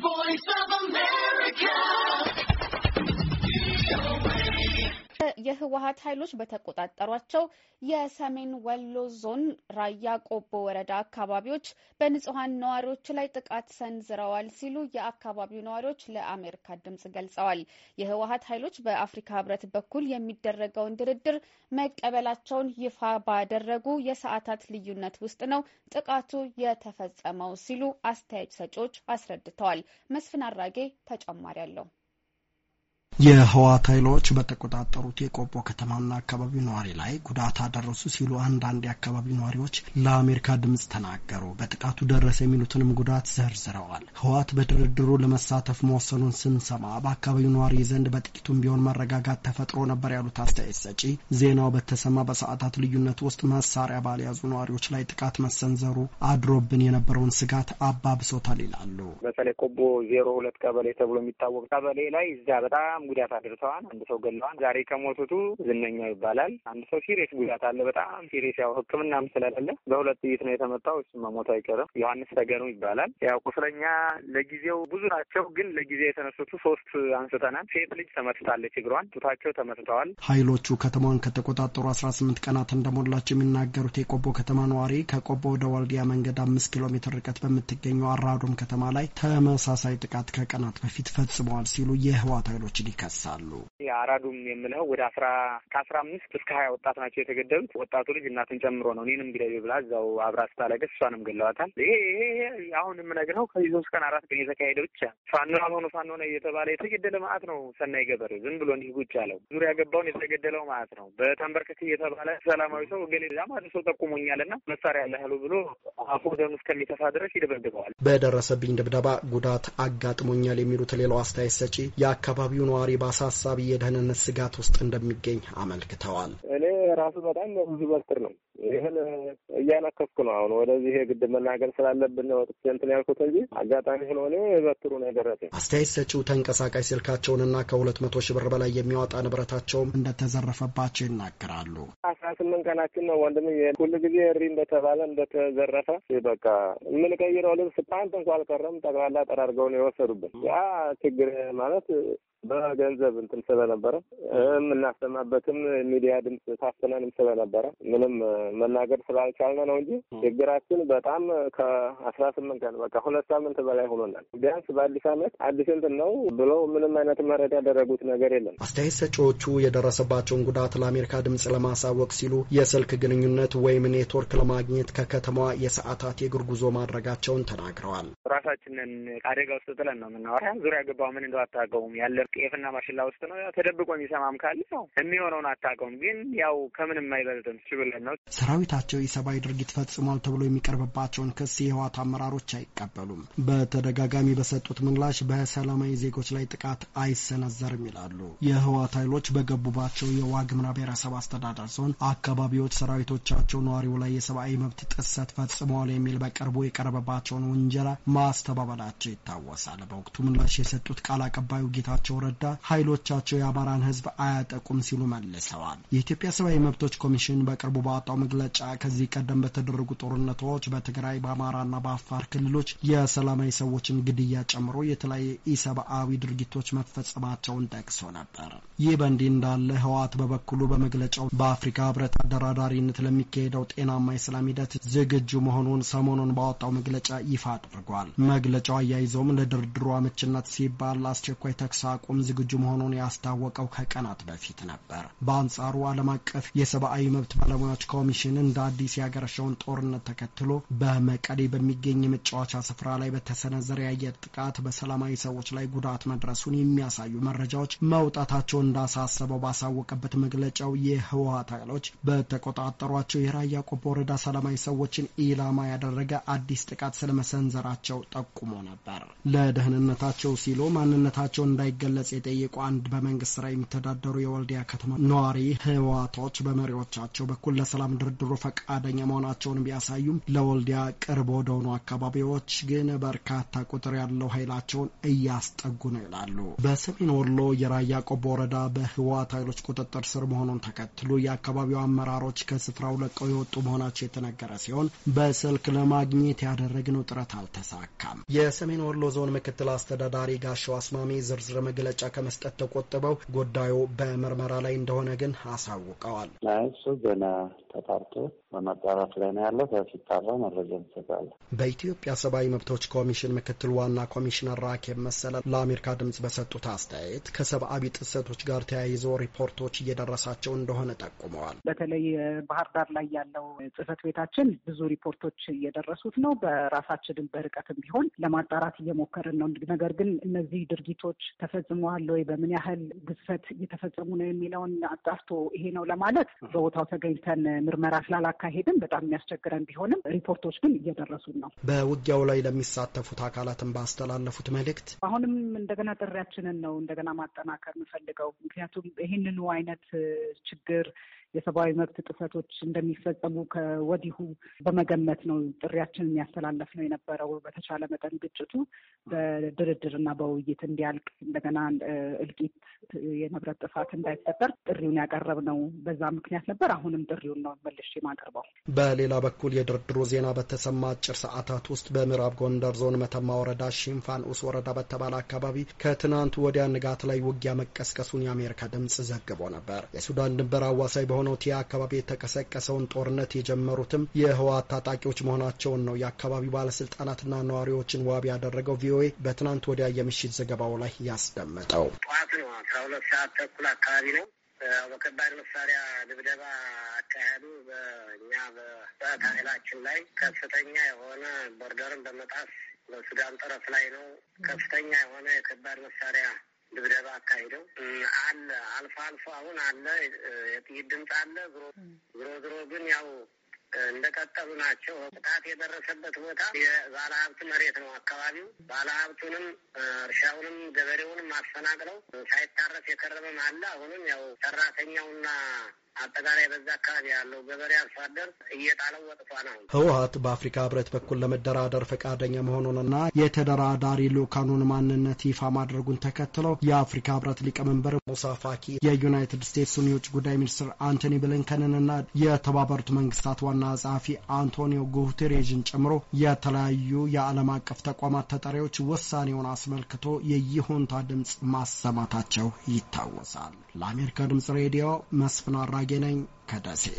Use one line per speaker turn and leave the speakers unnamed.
voice የህወሀት ኃይሎች በተቆጣጠሯቸው የሰሜን ወሎ ዞን ራያ ቆቦ ወረዳ አካባቢዎች በንጹሐን ነዋሪዎች ላይ ጥቃት ሰንዝረዋል ሲሉ የአካባቢው ነዋሪዎች ለአሜሪካ ድምጽ ገልጸዋል። የህወሀት ኃይሎች በአፍሪካ ህብረት በኩል የሚደረገውን ድርድር መቀበላቸውን ይፋ ባደረጉ የሰዓታት ልዩነት ውስጥ ነው ጥቃቱ የተፈጸመው ሲሉ አስተያየት ሰጪዎች አስረድተዋል። መስፍን አራጌ ተጨማሪ አለው። የህወሓት ኃይሎች በተቆጣጠሩት የቆቦ ከተማና አካባቢ ነዋሪ ላይ ጉዳት አደረሱ ሲሉ አንዳንድ የአካባቢ ነዋሪዎች ለአሜሪካ ድምፅ ተናገሩ። በጥቃቱ ደረሰ የሚሉትንም ጉዳት ዘርዝረዋል። ህወሓት በድርድሩ ለመሳተፍ መወሰኑን ስንሰማ በአካባቢው ነዋሪ ዘንድ በጥቂቱም ቢሆን መረጋጋት ተፈጥሮ ነበር ያሉት አስተያየት ሰጪ ዜናው በተሰማ በሰዓታት ልዩነት ውስጥ መሳሪያ ባልያዙ ነዋሪዎች ላይ ጥቃት መሰንዘሩ አድሮብን የነበረውን ስጋት አባብሶታል ይላሉ።
በተለይ ቆቦ ዜሮ ሁለት ቀበሌ ተብሎ የሚታወቅ ቀበሌ ላይ እዚያ በጣም በጣም ጉዳት አድርሰዋል። አንድ ሰው ገለዋል። ዛሬ ከሞቱቱ ዝነኛው ይባላል። አንድ ሰው ሲሪየስ ጉዳት አለ። በጣም ሲሪየስ ያው ሕክምናም ስለሌለ በሁለት ጥይት ነው የተመታው። እሱ መሞቱ አይቀርም። ዮሐንስ ተገኑ ይባላል። ያው ቁስለኛ ለጊዜው ብዙ ናቸው፣ ግን ለጊዜ የተነሱቱ ሶስት አንስተናል። ሴት ልጅ ተመትታለች፣ እግሯን ጡታቸው ተመትተዋል።
ኃይሎቹ ከተማዋን ከተቆጣጠሩ አስራ ስምንት ቀናት እንደሞላቸው የሚናገሩት የቆቦ ከተማ ነዋሪ ከቆቦ ወደ ዋልዲያ መንገድ አምስት ኪሎ ሜትር ርቀት በምትገኘው አራዶም ከተማ ላይ ተመሳሳይ ጥቃት ከቀናት በፊት ፈጽመዋል ሲሉ የህዋት ኃይሎች ። ይከሳሉ።
አራዱም የምለው ወደ አስራ ከአስራ አምስት እስከ ሀያ ወጣት ናቸው የተገደሉት። ወጣቱ ልጅ እናትን ጨምሮ ነው። እኔንም ግደይ ብላ እዛው አብራ ስታለቅስ እሷንም ገለዋታል። ይሄ ይሄ አሁን የምነግረው ከዚህ ሶስት ቀን አራት ቀን የተካሄደ ብቻ ፋኖ ያልሆኑ ፋኖ ነው እየተባለ የተገደለ ማለት ነው። ሰናይ ገበር ዝም ብሎ እንዲህ ጉጭ አለው ዙሪያ ገባውን የተገደለው ማለት ነው። በተንበርክክ እየተባለ ሰላማዊ ሰው ገሌላ ማለት ሰው ጠቁሞኛል ጠቁሞኛልና መሳሪያ ያለ ያሉ ብሎ አፉ ደም እስከሚተፋ ድረስ ይደበድበዋል።
በደረሰብኝ ድብደባ ጉዳት አጋጥሞኛል የሚሉት ሌላው አስተያየት ሰጪ የአካባቢው ነዋ ነዋሪ በአሳሳቢ የደህንነት ስጋት ውስጥ እንደሚገኝ አመልክተዋል።
እኔ ራሱ በጣም ብዙ በትር ነው ይህን እያነከስኩ ነው። አሁን ወደዚህ የግድ መናገር ስላለብን ነው ወጥቼ እንትን ያልኩት እንጂ አጋጣሚ ሆኖ የበትሩ ነው የደረሰኝ። አስተያየት
ሰጪው ተንቀሳቃሽ ስልካቸውንና ከሁለት መቶ ሺህ ብር በላይ የሚያወጣ ንብረታቸውም እንደተዘረፈባቸው ይናገራሉ።
አስራ ስምንት ቀናችን ነው ወንድም ሁሉ ጊዜ እሪ እንደተባለ እንደተዘረፈ በቃ የምንቀይረው ልብስ ፓንት እንኳ አልቀረም። ጠቅላላ ጠራርገውን የወሰዱብን ያ ችግር ማለት በገንዘብ እንትን ስለነበረ የምናሰማበትም ሚዲያ ድምፅ ታፍነንም ስለነበረ ምንም መናገር ስላልቻለ ስላልነ ነው እንጂ ችግራችን በጣም ከአስራ ስምንት ቀን በቃ ሁለት ሳምንት በላይ ሆኖናል። ቢያንስ በአዲስ ዓመት አዲስ እንትን ነው ብለው ምንም አይነት መረድ ያደረጉት ነገር የለም።
አስተያየት ሰጪዎቹ የደረሰባቸውን ጉዳት ለአሜሪካ ድምጽ ለማሳወቅ ሲሉ የስልክ ግንኙነት ወይም ኔትወርክ ለማግኘት ከከተማዋ የሰዓታት የእግር ጉዞ ማድረጋቸውን ተናግረዋል።
ራሳችንን ከአደጋ ውስጥ ጥለን ነው የምናወራ። ዙሪያ ገባው ምን እንደው አታውቀውም። ያለ ቄፍና ማሽላ ውስጥ ነው ተደብቆ የሚሰማም ካለ ነው የሚሆነውን አታውቀውም። ግን ያው ከምንም አይበልጥም ችብለን ነው
ሰራዊታቸው የሰብአዊ ድርጊት ፈጽሟል ተብሎ የሚቀርብባቸውን ክስ የህወሓት አመራሮች
አይቀበሉም።
በተደጋጋሚ በሰጡት ምላሽ በሰላማዊ ዜጎች ላይ ጥቃት አይሰነዘርም ይላሉ። የህወሓት ኃይሎች በገቡባቸው የዋግምራ ብሔረሰብ አስተዳደር ዞን አካባቢዎች ሰራዊቶቻቸው ነዋሪው ላይ የሰብአዊ መብት ጥሰት ፈጽመዋል የሚል በቅርቡ የቀረበባቸውን ውንጀላ ማስተባበላቸው ይታወሳል። በወቅቱ ምላሽ የሰጡት ቃል አቀባዩ ጌታቸው ረዳ ኃይሎቻቸው የአማራን ህዝብ አያጠቁም ሲሉ መልሰዋል። የኢትዮጵያ ሰብአዊ መብቶች ኮሚሽን በቅርቡ ባወጣው መግለጫ ከዚህ ቀደም ቀደም በተደረጉ ጦርነቶች በትግራይ በአማራና በአፋር ክልሎች የሰላማዊ ሰዎችን ግድያ ጨምሮ የተለያዩ ኢሰብአዊ ድርጊቶች መፈጸማቸውን ጠቅሶ ነበር። ይህ በእንዲህ እንዳለ ህወሓት በበኩሉ በመግለጫው በአፍሪካ ህብረት አደራዳሪነት ለሚካሄደው ጤናማ የሰላም ሂደት ዝግጁ መሆኑን ሰሞኑን ባወጣው መግለጫ ይፋ አድርጓል። መግለጫው አያይዘውም ለድርድሩ አመችነት ሲባል አስቸኳይ ተኩስ አቁም ዝግጁ መሆኑን ያስታወቀው ከቀናት በፊት ነበር። በአንጻሩ ዓለም አቀፍ የሰብአዊ መብት ባለሙያዎች ኮሚሽን እንደ አዲስ የሀገር የመጨረሻውን ጦርነት ተከትሎ በመቀሌ በሚገኝ የመጫወቻ ስፍራ ላይ በተሰነዘረ የአየር ጥቃት በሰላማዊ ሰዎች ላይ ጉዳት መድረሱን የሚያሳዩ መረጃዎች መውጣታቸው እንዳሳሰበው ባሳወቀበት መግለጫው የህወሀት ኃይሎች በተቆጣጠሯቸው የራያ ቆቦ ወረዳ ሰላማዊ ሰዎችን ኢላማ ያደረገ አዲስ ጥቃት ስለመሰንዘራቸው ጠቁሞ ነበር። ለደህንነታቸው ሲሉ ማንነታቸው እንዳይገለጽ የጠየቁ አንድ በመንግስት ስራ የሚተዳደሩ የወልዲያ ከተማ ነዋሪ ህወሀቶች በመሪዎቻቸው በኩል ለሰላም ድርድሩ ፈቃደኛ መሆናቸውን ቢያሳዩም ለወልዲያ ቅርብ ወደሆኑ አካባቢዎች ግን በርካታ ቁጥር ያለው ኃይላቸውን እያስጠጉ ነው ይላሉ። በሰሜን ወሎ የራያ ቆቦ ወረዳ በህወሓት ኃይሎች ቁጥጥር ስር መሆኑን ተከትሎ የአካባቢው አመራሮች ከስፍራው ለቀው የወጡ መሆናቸው የተነገረ ሲሆን በስልክ ለማግኘት ያደረግነው ጥረት አልተሳካም። የሰሜን ወሎ ዞን ምክትል አስተዳዳሪ ጋሻው አስማሚ ዝርዝር መግለጫ ከመስጠት ተቆጥበው ጉዳዩ በምርመራ ላይ እንደሆነ ግን አሳውቀዋል።
እሱ ገና ተጣርቶ በመጣራት ላይ ነው ያለው። ሲጣራ መረጃ ይሰጣል።
በኢትዮጵያ ሰብአዊ መብቶች ኮሚሽን ምክትል ዋና ኮሚሽነር ራኬብ መሰለ ለአሜሪካ ድምጽ በሰጡት አስተያየት ከሰብአዊ ጥሰቶች ጋር ተያይዞ ሪፖርቶች እየደረሳቸው እንደሆነ ጠቁመዋል።
በተለይ ባህር ዳር ላይ ያለው ጽህፈት
ቤታችን ብዙ ሪፖርቶች እየደረሱት ነው። በራሳችንም በርቀትም ቢሆን ለማጣራት እየሞከርን ነው። ነገር ግን እነዚህ ድርጊቶች ተፈጽመዋል ወይ፣ በምን ያህል ግዝፈት እየተፈጸሙ ነው የሚለውን አጣርቶ ይሄ ነው ለማለት በቦታው ተገኝተን ምርመራ ስላላካሄድን በጣም የሚያስቸግረን ቢሆንም ሪፖርቶች ግን እየደረሱን ነው። በውጊያው ላይ ለሚሳተፉት አካላትን ባስተላለፉት መልእክት አሁንም እንደገና ጥሪያችንን ነው እንደገና ማጠናከር የምፈልገው ምክንያቱም ይህንኑ አይነት ችግር የሰብአዊ መብት ጥሰቶች እንደሚፈጸሙ ከወዲሁ በመገመት ነው ጥሪያችን የሚያስተላለፍ ነው የነበረው። በተቻለ መጠን ግጭቱ በድርድር እና በውይይት እንዲያልቅ እንደገና እልቂት፣ የንብረት ጥፋት እንዳይፈጠር ጥሪውን ያቀረብ ነው በዛ ምክንያት ነበር። አሁንም ጥሪውን ነው መልሽ የማቀርበው። በሌላ በኩል የድርድሩ ዜና በተሰማ አጭር ሰዓታት ውስጥ በምዕራብ ጎንደር ዞን መተማ ወረዳ ሽንፋን ኡስ ወረዳ በተባለ አካባቢ ከትናንት ወዲያ ንጋት ላይ ውጊያ መቀስቀሱን የአሜሪካ ድምጽ ዘግቦ ነበር። የሱዳን ድንበር አዋሳኝ በሆነ በሆነው ቲያ አካባቢ የተቀሰቀሰውን ጦርነት የጀመሩትም የህወሓት ታጣቂዎች መሆናቸውን ነው የአካባቢው ባለስልጣናትና ነዋሪዎችን ዋቢ ያደረገው ቪኦኤ በትናንት ወዲያ የምሽት ዘገባው ላይ ያስደመጠው። ጠዋት ነው አስራ ሁለት
ሰዓት ተኩል አካባቢ ነው። በከባድ መሳሪያ ድብደባ አካሄዱ በእኛ በጸጥታ ኃይላችን ላይ ከፍተኛ የሆነ ቦርደርን በመጣስ በሱዳን ጠረፍ ላይ ነው ከፍተኛ የሆነ የከባድ መሳሪያ ድብደባ አካሂደው አለ። አልፎ አልፎ አሁን አለ የጥይት ድምፅ አለ። ዝሮ ዝሮ ግን ያው እንደቀጠሉ ናቸው። ጥቃት የደረሰበት ቦታ የባለሀብት መሬት ነው አካባቢው። ባለሀብቱንም እርሻውንም ገበሬውንም አፈናቅለው ሳይታረስ የከረመም አለ። አሁንም ያው ሰራተኛውና አጠቃላይ በዛ አካባቢ
ያለው ገበሬ አርሶ እየጣለው ወጥቷል። ነው። ህወሀት በአፍሪካ ህብረት በኩል ለመደራደር ፈቃደኛ መሆኑንና የተደራዳሪ ልኡካኑን ማንነት ይፋ ማድረጉን ተከትለው የአፍሪካ ህብረት ሊቀመንበር ሙሳ ፋኪ የዩናይትድ ስቴትስን የውጭ ጉዳይ ሚኒስትር አንቶኒ ብሊንከንንና የተባበሩት መንግስታት ዋና ጸሐፊ አንቶኒዮ ጉቴሬዥን ጨምሮ የተለያዩ የዓለም አቀፍ ተቋማት ተጠሪዎች ውሳኔውን አስመልክቶ የይሁንታ ድምፅ ማሰማታቸው ይታወሳል። ለአሜሪካ ድምፅ ሬዲዮ መስፍን አራ agenen kadase